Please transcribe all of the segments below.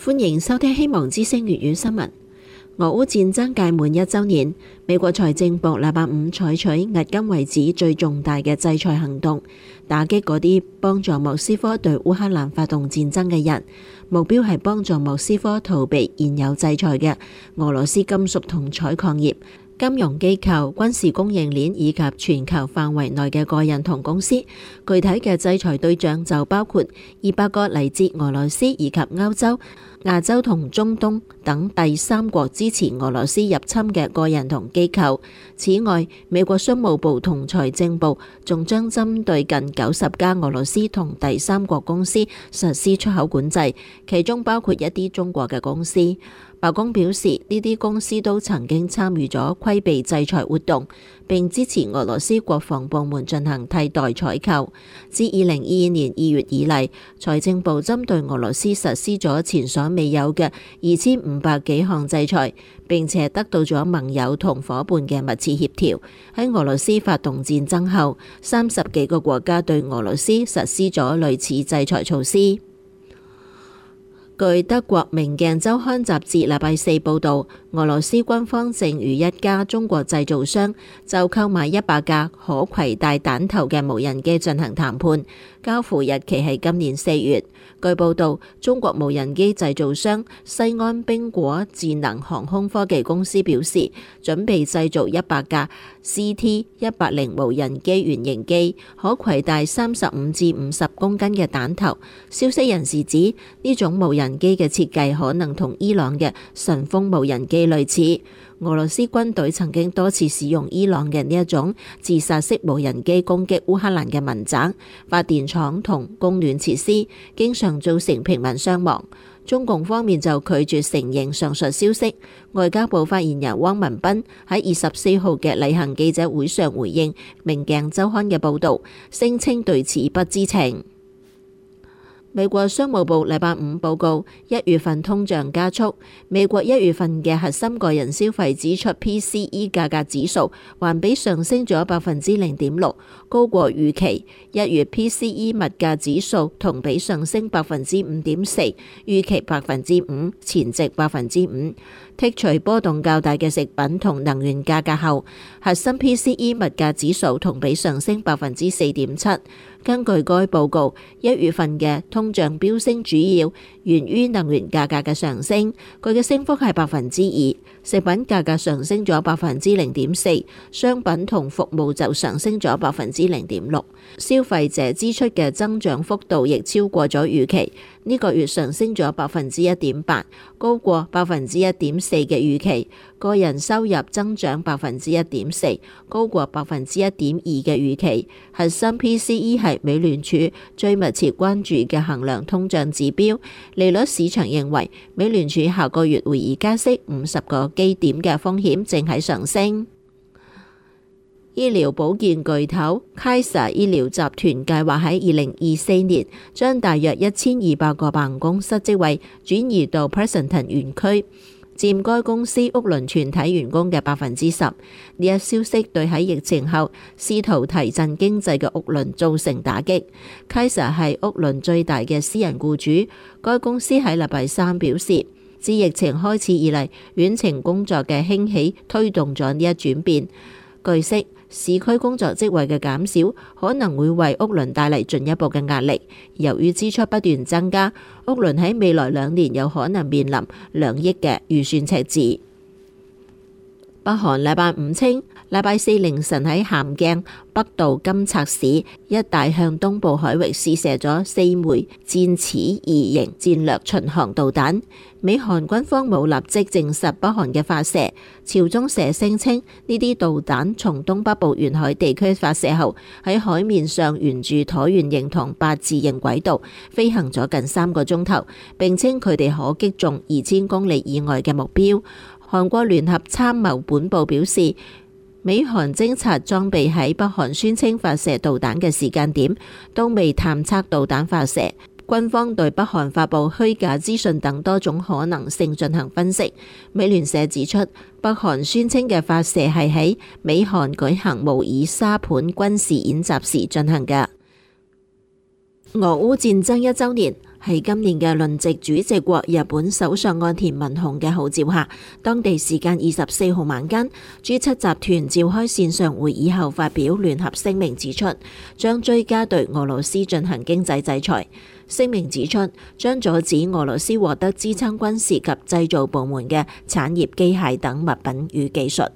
歡迎收聽《希望之聲》粵語新聞。俄烏戰爭屆滿一周年，美國財政部禮拜五採取迄今為止最重大嘅制裁行動，打擊嗰啲幫助莫斯科對烏克蘭發動戰爭嘅人，目標係幫助莫斯科逃避現有制裁嘅俄羅斯金屬同採礦業。金融機構、軍事供應鏈以及全球範圍內嘅個人同公司，具體嘅制裁對象就包括二百個嚟自俄羅斯以及歐洲、亞洲同中東等第三國支持俄羅斯入侵嘅個人同機構。此外，美國商務部同財政部仲將針對近九十家俄羅斯同第三國公司實施出口管制，其中包括一啲中國嘅公司。白宮表示，呢啲公司都曾經參與咗規避制裁活動，並支持俄羅斯國防部門進行替代採購。自二零二二年二月以嚟，財政部針對俄羅斯實施咗前所未有嘅二千五百幾項制裁，並且得到咗盟友同伙伴嘅密切協調。喺俄羅斯發動戰爭後，三十幾個國家對俄羅斯實施咗類似制裁措施。據德國《明鏡周刊》雜誌禮拜四報道，俄羅斯軍方正與一家中國製造商就購買一百架可攜帶彈頭嘅無人機進行談判，交付日期係今年四月。據報道，中國無人機製造商西安冰果智能航空科技公司表示，準備製造一百架 CT 一百無人機原型機，可攜帶三十五至五十公斤嘅彈頭。消息人士指，呢種無人人機嘅設計可能同伊朗嘅神風無人機類似。俄羅斯軍隊曾經多次使用伊朗嘅呢一種自殺式無人機攻擊烏克蘭嘅民宅、發電廠同供暖設施，經常造成平民傷亡。中共方面就拒絕承認上述消息。外交部發言人汪文斌喺二十四號嘅例行記者會上回應《明鏡週刊》嘅報道，聲稱對此不知情。美國商務部禮拜五報告，一月份通脹加速。美國一月份嘅核心個人消費支出 （PCE） 價格指數環比上升咗百分之零點六，高過預期。一月 PCE 物價指數同比上升百分之五點四，預期百分之五，前值百分之五。剔除波動較大嘅食品同能源價格後，核心 PCE 物價指數同比上升百分之四點七。根據該報告，一月份嘅通脹飆升主要源於能源價格嘅上升，佢嘅升幅係百分之二。食品價格上升咗百分之零點四，商品同服務就上升咗百分之零點六。消費者支出嘅增長幅度亦超過咗預期，呢、這個月上升咗百分之一點八，高過百分之一點四嘅預期，個人收入增長百分之一點四，高過百分之一點二嘅預期。核心 PCE 係美聯儲最密切關注嘅衡量通脹指標。利率市場認為，美聯儲下個月會議加息五十個基點嘅風險正喺上升。醫療保健巨頭 Kaiser 醫療集團計劃喺二零二四年將大約一千二百個辦公室職位轉移到 Pleasanton 園區。佔該公司屋輪全體員工嘅百分之十，呢一消息對喺疫情後試圖提振經濟嘅屋輪造成打擊。Kaiser 係屋輪最大嘅私人僱主，該公司喺禮拜三表示，自疫情開始以嚟，遠程工作嘅興起推動咗呢一轉變。據悉。市區工作職位嘅減少，可能會為屋崙帶嚟進一步嘅壓力。由於支出不斷增加，屋崙喺未來兩年有可能面臨兩億嘅預算赤字。北韓禮拜五稱。禮拜四凌晨喺咸鏡北道金策市一帶向東部海域試射咗四枚箭矢二型戰略巡航導彈。美韓軍方冇立即證實北韓嘅發射。朝中社聲稱，呢啲導彈從東北部沿海地區發射後，喺海面上沿住橢圓形同八字形軌道飛行咗近三個鐘頭。並稱佢哋可擊中二千公里以外嘅目標。韓國聯合參謀本部表示。美韓偵察裝備喺北韓宣稱發射導彈嘅時間點都未探測導彈發射，軍方對北韓發佈虛假資訊等多種可能性進行分析。美聯社指出，北韓宣稱嘅發射係喺美韓舉行模擬沙盤軍事演習時進行㗎。俄烏戰爭一周年。喺今年嘅輪值主席國日本首相岸田文雄嘅號召下，當地時間二十四號晚間，G 七集團召開線上會議後發表聯合聲明，指出將追加對俄羅斯進行經濟制裁。聲明指出，將阻止俄羅斯獲得支撐軍事及製造部門嘅產業機械等物品與技術。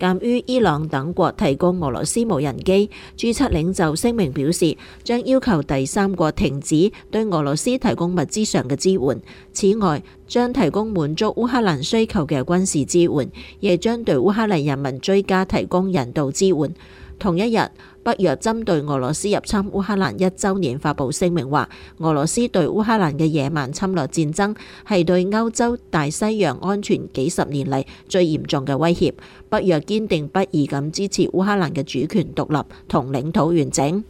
鑑於伊朗等國提供俄羅斯無人機，G7 領袖聲明表示，將要求第三國停止對俄羅斯提供物資上嘅支援。此外，將提供滿足烏克蘭需求嘅軍事支援，亦將對烏克蘭人民追加提供人道支援。同一日，北約針對俄羅斯入侵烏克蘭一周年發布聲明，話俄羅斯對烏克蘭嘅野蠻侵略戰爭係對歐洲大西洋安全幾十年嚟最嚴重嘅威脅。北約堅定不移咁支持烏克蘭嘅主權獨立同領土完整。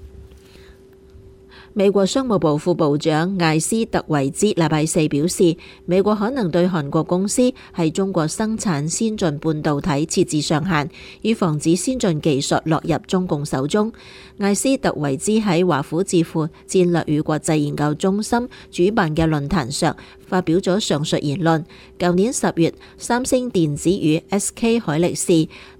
美國商務部副部長艾斯特維茲禮拜四表示，美國可能對韓國公司喺中國生產先進半導體設置上限，以防止先進技術落入中共手中。艾斯特維茲喺華府智庫戰略與國際研究中心主辦嘅論壇上發表咗上述言論。舊年十月，三星電子與 SK 海力士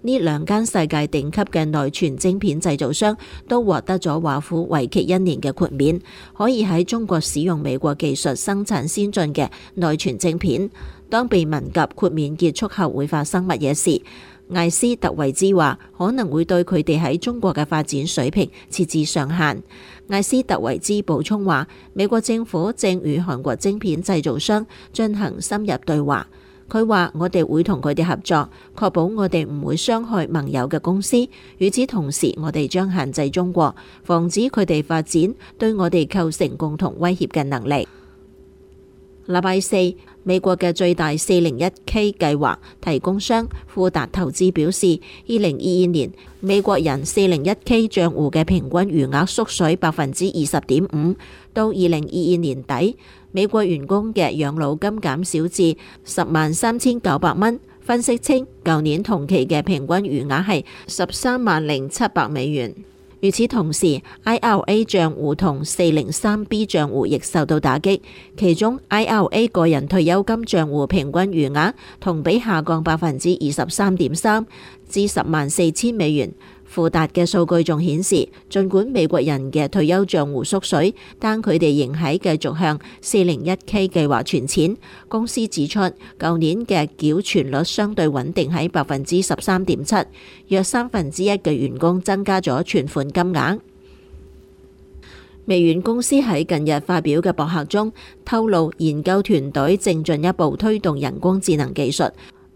呢兩間世界頂級嘅內存晶片製造商都獲得咗華府為期一年嘅豁免，可以喺中國使用美國技術生產先進嘅內存晶片。當被問及豁免結束後，會發生乜嘢事？艾斯特維茲話可能會對佢哋喺中國嘅發展水平設置上限。艾斯特維茲補充話，美國政府正與韓國晶片製造商進行深入對話。佢話我哋會同佢哋合作，確保我哋唔會傷害盟友嘅公司。與此同時，我哋將限制中國，防止佢哋發展對我哋構成共同威脅嘅能力。禮拜四，美國嘅最大四零一 k 計劃提供商富達投資表示，二零二二年美國人四零一 k 賬戶嘅平均餘額縮水百分之二十點五。到二零二二年底，美國員工嘅養老金減少至十萬三千九百蚊。分析稱，舊年同期嘅平均餘額係十三萬零七百美元。與此同時，IRA 賬戶同四零三 B 賬戶亦受到打擊，其中 IRA 個人退休金賬戶平均餘額同比下降百分之二十三點三，至十萬四千美元。富達嘅數據仲顯示，儘管美國人嘅退休帳戶縮水，但佢哋仍喺繼續向四零一 K 計劃存錢。公司指出，舊年嘅繳存率相對穩定喺百分之十三點七，約三分之一嘅員工增加咗存款金額。微軟公司喺近日發表嘅博客中透露，研究團隊正進一步推動人工智能技術。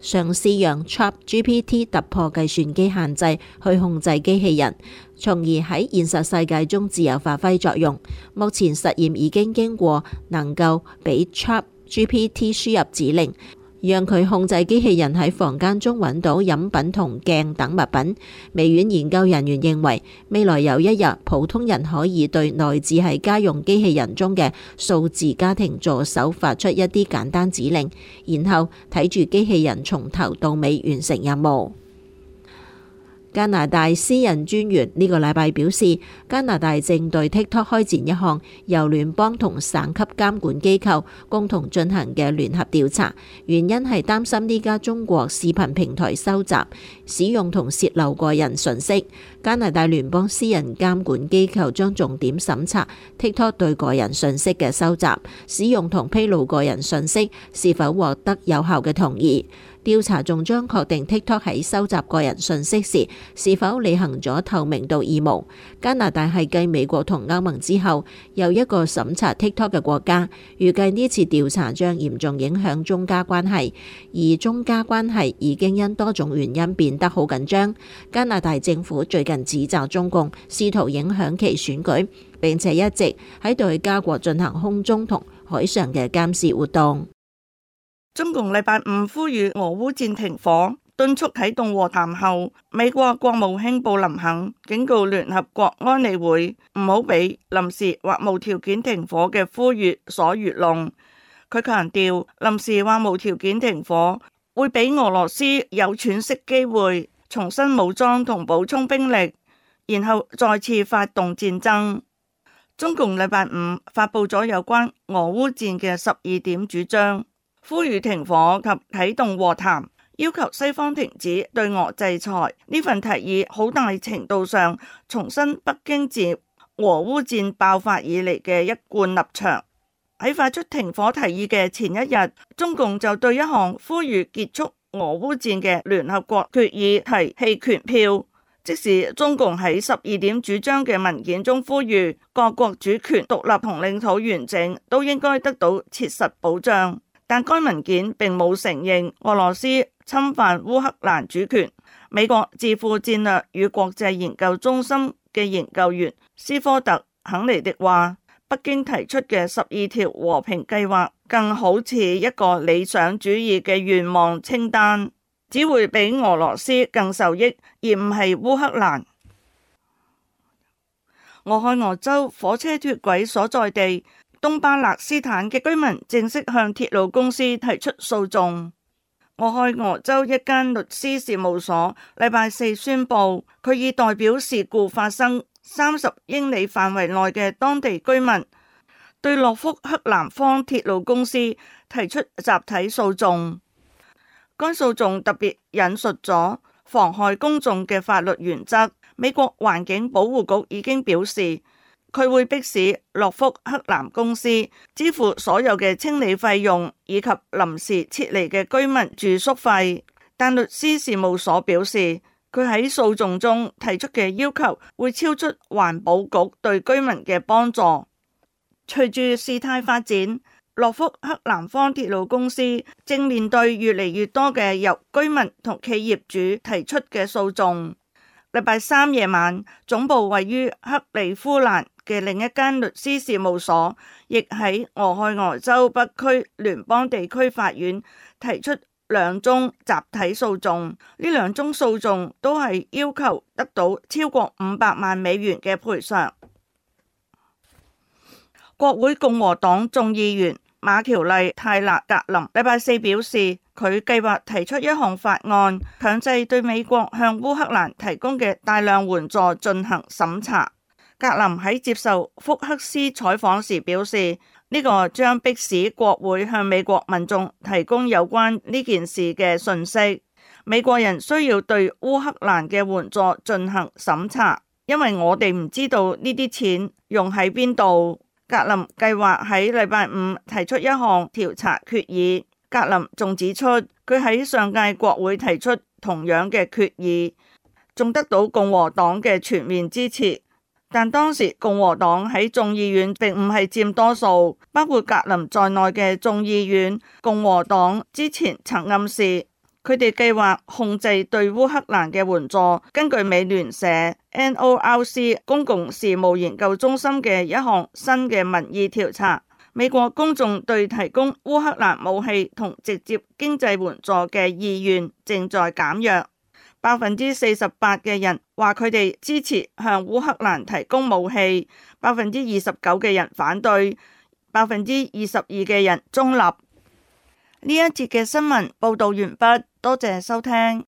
嘗試讓 Chat GPT 突破計算機限制，去控制機器人，從而喺現實世界中自由發揮作用。目前實驗已經經過能夠俾 Chat GPT 輸入指令。讓佢控制機器人喺房間中揾到飲品同鏡等物品。微軟研究人員認為，未來有一日，普通人可以對內置喺家用機器人中嘅數字家庭助手發出一啲簡單指令，然後睇住機器人從頭到尾完成任務。加拿大私人專員呢個禮拜表示，加拿大正對 TikTok 開展一項由聯邦同省級監管機構共同進行嘅聯合調查，原因係擔心呢家中國視頻平台收集，使用同泄露個人信息，加拿大聯邦私人監管機構將重點審查 TikTok 對個人信息嘅收集、使用同披露個人信息是否獲得有效嘅同意。調查仲將確定 TikTok 喺收集個人信息時是否履行咗透明度義務。加拿大係繼美國同歐盟之後又一個審查 TikTok 嘅國家，預計呢次調查將嚴重影響中加關係，而中加關係已經因多種原因變得好緊張。加拿大政府最近指責中共試圖影響其選舉，並且一直喺對加國進行空中同海上嘅監視活動。中共禮拜五呼籲俄烏戰停火，敦促啟動和談後，美國國務卿布林肯警告聯合國安理會唔好俾臨時或無條件停火嘅呼籲所愚弄。佢強調，臨時或無條件停火。會俾俄羅斯有喘息機會，重新武裝同補充兵力，然後再次發動戰爭。中共禮拜五發布咗有關俄烏戰嘅十二點主張，呼籲停火及啟動和談，要求西方停止對俄制裁。呢份提議好大程度上重申北京自俄烏戰爆發以嚟嘅一貫立場。喺發出停火提議嘅前一日，中共就對一項呼籲結束俄烏戰嘅聯合國決議提棄權票。即使中共喺十二點主張嘅文件中呼籲各國主權獨立同領土完整都應該得到切實保障，但該文件並冇承認俄羅斯侵犯烏克蘭主權。美國智庫戰略與國際研究中心嘅研究員斯科特肯尼迪話。北京提出嘅十二條和平計劃，更好似一個理想主義嘅願望清單，只會比俄羅斯更受益，而唔係烏克蘭。俄亥俄州火車脫軌所在地東巴勒斯坦嘅居民正式向鐵路公司提出訴訟。俄亥俄州一間律師事務所禮拜四宣佈，佢已代表事故發生。三十英里範圍內嘅當地居民對洛福克南方鐵路公司提出集體訴訟，該訴訟特別引述咗妨害公眾嘅法律原則。美國環境保護局已經表示，佢會迫使洛福克南公司支付所有嘅清理費用，以及臨時撤離嘅居民住宿費，但律師事務所表示，佢喺訴訟中提出嘅要求會超出環保局對居民嘅幫助。隨住事態發展，諾福克南方鐵路公司正面對越嚟越多嘅由居民同企業主提出嘅訴訟。禮拜三夜晚，總部位於克利夫蘭嘅另一間律師事務所，亦喺俄亥俄州北區聯邦地區法院提出兩宗集體訴訟，呢兩宗訴訟都係要求得到超過五百萬美元嘅賠償。國會共和黨眾議員馬喬麗泰勒格林禮拜四表示，佢計劃提出一項法案，強制對美國向烏克蘭提供嘅大量援助進行審查。格林喺接受福克斯採訪時表示：呢個將迫使國會向美國民眾提供有關呢件事嘅訊息。美國人需要對烏克蘭嘅援助進行審查，因為我哋唔知道呢啲錢用喺邊度。格林計劃喺禮拜五提出一項調查決議。格林仲指出，佢喺上屆國會提出同樣嘅決議，仲得到共和黨嘅全面支持。但當時共和黨喺眾議院並唔係佔多數，包括格林在內嘅眾議院共和黨之前曾暗示，佢哋計劃控制對烏克蘭嘅援助。根據美聯社 NORC 公共事務研究中心嘅一項新嘅民意調查，美國公眾對提供烏克蘭武器同直接經濟援助嘅意願正在減弱。百分之四十八嘅人話佢哋支持向烏克蘭提供武器，百分之二十九嘅人反對，百分之二十二嘅人中立。呢一節嘅新聞報道完畢，多謝收聽。